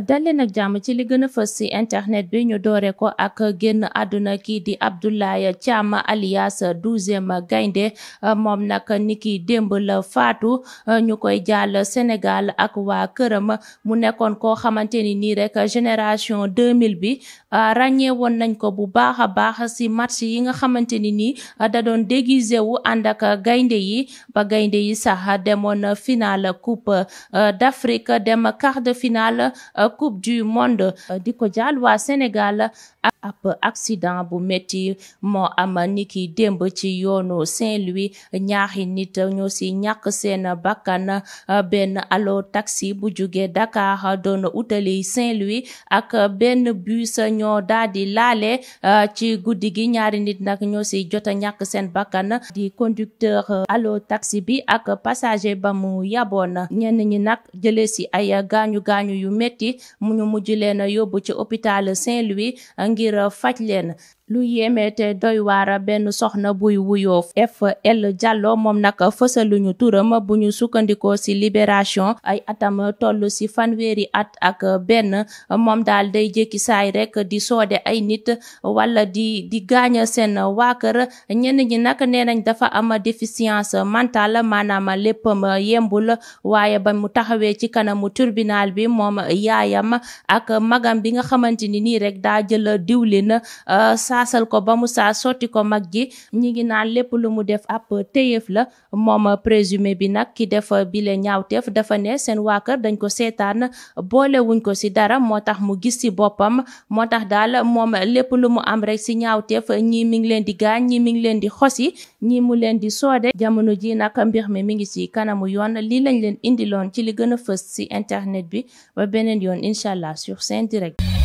dalleen ak jàmm ci li gën a fës ci internet bi ñu doore ko ak génn àdduna kii di Abdoulaye Thiam alias douzième gaynde moom nag ni ki démb la faatu ñu koy jàll Sénégal ak waa këram mu nekkoon koo xamante ni nii rek génération 2000 bi ràññee woon nañ ko bu baax a baax ci match yi nga xamante ni nii da doon déguisé wu ànd ak gaynde yi ba gaynde yi sax demoon finale coupe d'Afrique dem quart de finale coupe du monde euh, di ko jaal waa Sénégal ab accident bu métti moo am niki démb ci yoonu Saint-Louis ñaari nit ñoo si ñàkk seen bakkan euh, benn alo taxi bu jóge Dakar doon utali Saint-Louis ak benn bus ñoo daal di laale euh, ci guddi gi ñaari nit nag ñoo si jot a ñàkk seen bakkan di conducteur alo taxi bi ak passager ba mu yaboon ñi nag jëlee si gaañu gaañu yu métti mounou moudjilèn yo bote opital Saint-Louis an gir fatlèn. lu yéeme te doy waara benn soxna buy wuyoo FL Diallo moom nag fësaluñu turam bu ñu sukkandikoo si libération ay atam toll ci fanweeri at ak benn moom daal day jékki saay rek di soode ay nit wala di di gaañ seen waa kër ñenn ñi nag nee nañ dafa am déficience mentale maanaam léppam yembul waaye ba mu taxawee ci kanamu tribunal bi moom yaayam ak magam bi nga xamante ni nii rekk daa diwlin euh, saasal ko ba mu saa sotti ko mag ji ñi ngi naan lépp lu mu def ab téyeef la moom a présumé bi nag ki def bile ñaawteef dafa ne seen waa dañ ko seetaan boolewuñ ko ci dara moo tax mu gis ci boppam moo tax daal moom lépp lu mu am rek ci ñaawteef ñii mi ngi leen di gaañ ñii mi ngi leen di xosi ñii mu leen di soode jamono ji nag mbir mi mi ngi ci kanamu yoon lii lañ leen indiloon ci li gën a fës ci internet bi ba beneen yoon incha allah sur Sen Direct